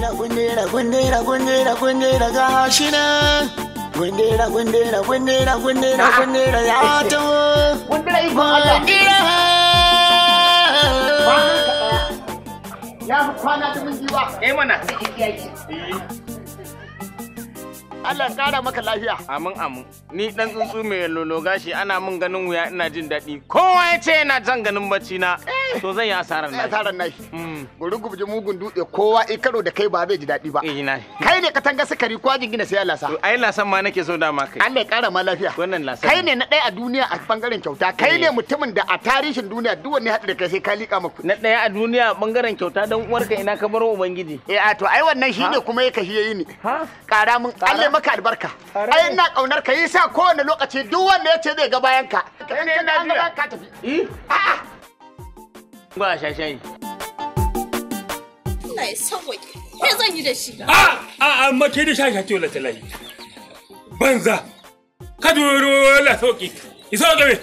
Gundera gundera gundera ya fi kwana mun ba. Eh mana. Allah kara maka lafiya. Amin amin. Ni dan tsuntsu mai lolo gashi ana min ganin wuya ina jin daɗi. Kowa ya ce yana jan ganin bacci na. Eh. To zan yi asarar nashi. Asarar nashi. Guri hmm. gubji mugun dutse kowa i karo da kai ba zai ji daɗi ba. Eh na. Kai ne ka tanga sukari ko ajin gina sai lasa. To ai lasan ma nake so dama kai. Allah ya kara ma lafiya. Wannan lasan. Kai ne na ɗaya a duniya a bangaren kyauta. Kai ne eh. mutumin da a tarihin duniya duk wani haɗu da kai sai ka liƙa maka. Na ɗaya a duniya bangaren kyauta dan uwarka ina ka baro ubangiji. Eh a to ai wannan shine kuma ya kashi yayi ni. Ha? Kara mun. Allah maka albarka ai ina kaunar ka yasa kowane lokaci duk wanda yace zai ga bayan ka kai ne ina jira ka tafi Eh? Hmm? ina ya sauwaye me zan yi da shi a a amma ke da shashaki wala talahi banza ka duro la soki. iso ga me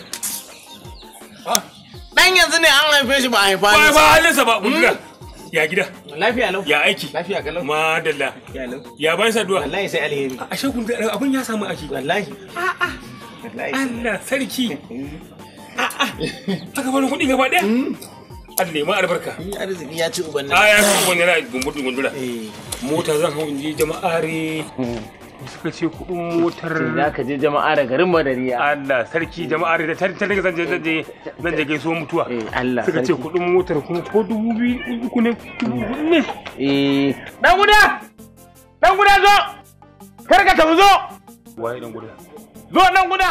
dan yanzu ne an haife shi ba a haifa ba ba halinsa ba mun Ya gida. Lafiya lau. Ya aiki. Lafiya kalau. Madalla. Ya lau. Ya bayan saduwa. Wallahi sai alheri. A shekun abun ya samu aiki. Wallahi. A'a. Wallahi. Allah sarki. A'a. Aka bani kuɗi gaba ɗaya. Hmm. Allah ma albarka. Ni Arziki ya ci ubanni. A ya ci ubanni na gumbur gundura. Eh. Mota zan hau inji je jama'are. Hmm. suka ce kudin motar za ka je jama'a da garin madariya Allah sarki jama'a da tar tar zan je zan je zan je gaisuwar mutuwa eh Allah suka ce kudin motar kuma ko dubu biyu uku ne ne eh dan guda dan guda zo kar ka tafi zo waye dan guda zo dan guda